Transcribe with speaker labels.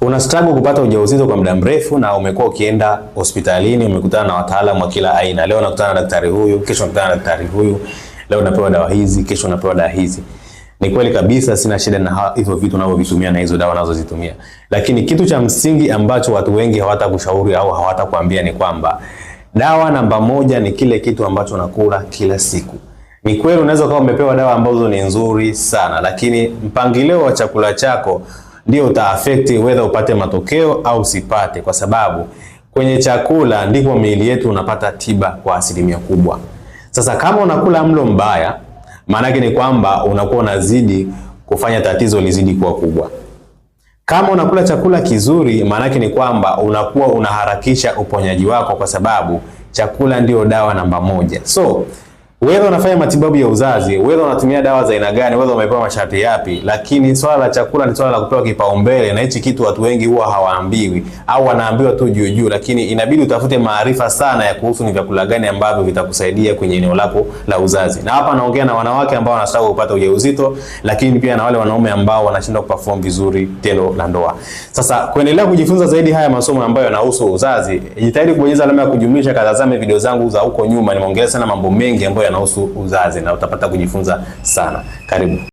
Speaker 1: Una struggle kupata ujauzito kwa muda mrefu na umekuwa ukienda hospitalini, umekutana na wataalamu wa kila aina. Leo unakutana na daktari huyu, kesho unakutana na daktari huyu, leo unapewa dawa hizi, kesho unapewa dawa hizi. Ni kweli kabisa, sina shida na hivyo vitu unavyovitumia na hizo dawa unazozitumia, lakini kitu cha msingi ambacho watu wengi hawatakushauri au hawatakuambia ni kwamba dawa namba moja ni kile kitu ambacho unakula kila siku. Ni kweli unaweza kuwa umepewa dawa ambazo ni nzuri sana, lakini mpangilio wa chakula chako ndio utaafekti whether upate matokeo au usipate, kwa sababu kwenye chakula ndipo miili yetu unapata tiba kwa asilimia kubwa. Sasa kama unakula mlo mbaya, maanake ni kwamba unakuwa unazidi kufanya tatizo lizidi kuwa kubwa. Kama unakula chakula kizuri, maanake ni kwamba unakuwa unaharakisha uponyaji wako, kwa sababu chakula ndio dawa namba moja. So wewe unafanya matibabu ya uzazi, wewe unatumia dawa za aina gani, wewe umepewa masharti yapi, lakini swala la chakula ni swala la kupewa kipaumbele, na hichi kitu watu wengi huwa hawaambiwi au wanaambiwa tu juu juu, lakini inabidi utafute maarifa sana ya kuhusu ni vyakula gani ambavyo vitakusaidia kwenye eneo lako la uzazi. Na hapa naongea na wanawake ambao wanataka kupata ujauzito, lakini pia na wale wanaume ambao wanashindwa kuperform vizuri tendo la ndoa. Sasa kuendelea kujifunza zaidi haya masomo ambayo yanahusu uzazi, jitahidi kubonyeza alama ya kujumlisha, katazame video zangu za huko nyuma, nimeongelea sana mambo mengi ambayo yanahusu uzazi na utapata kujifunza sana. Karibu.